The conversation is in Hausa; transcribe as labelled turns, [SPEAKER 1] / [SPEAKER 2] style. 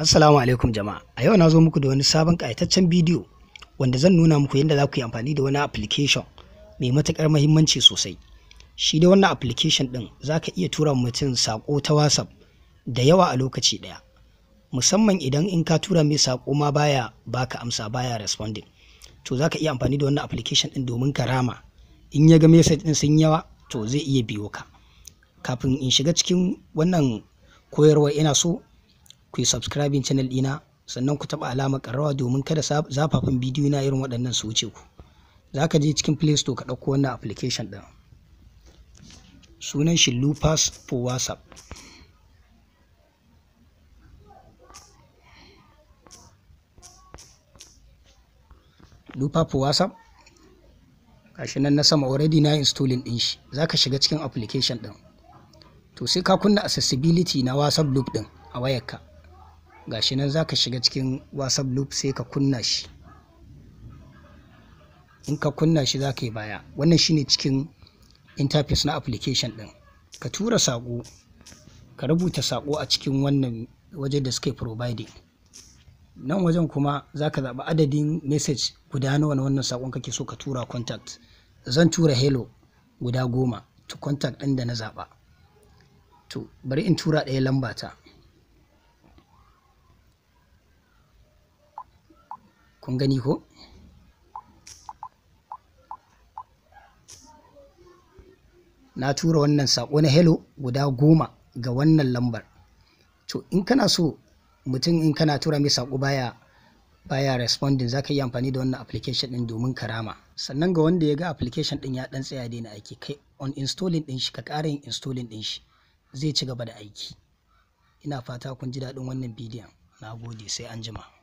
[SPEAKER 1] Assalamu alaikum jama'a. A yau na zo muku da wani sabon ƙayataccen bidiyo wanda zan nuna muku yadda za ku yi amfani da wani application mai matuƙar mahimmanci sosai. Shi da wannan application ɗin za ka iya tura mutum saƙo ta WhatsApp da yawa a lokaci ɗaya. Musamman idan in ka tura mai saƙo ma baya baka amsa baya responding. To za ka iya amfani da wannan application ɗin domin ka rama. In ya ga message ɗin sun yawa to zai iya biyo ka. Kafin in shiga cikin wannan koyarwa ina so ku yi subscribing channel ɗina sannan ku taɓa alamar ƙararrawa domin kada zafafan bidiyo na irin waɗannan su wuce ku za ka je cikin play store ka ɗauko wannan application ɗin sunan shi lupas for whatsapp lupa for whatsapp gashi nan na sama already na installing ɗin shi Za ka shiga cikin application ɗin? to sai ka kunna accessibility na whatsapp loop ɗin a wayarka gashi nan za ka shiga cikin whatsapp loop sai ka kunna shi in ka kunna shi za ka yi baya wannan shine cikin interface na application ɗin ka tura saƙo ka rubuta sako a cikin wannan waje da suke providing nan wajen kuma za ka zaɓi adadin message guda nawa na wannan saƙon kake so ka tura contact zan tura hello guda goma to contact ɗin da na zaɓa to bari in tura ɗaya lambata ta kun gani ko na tura wannan sako na hello guda goma ga wannan lambar to in kana so mutum in kana tura mai sako baya baya responding zaka yi amfani da wannan application din domin karama sannan ga wanda ya ga application din ya dan tsaya daina aiki kai on installing din shi ka ƙara yin installing din shi zai ci gaba da aiki ina fata kun ji daɗin wannan bidiyon na gode sai an jima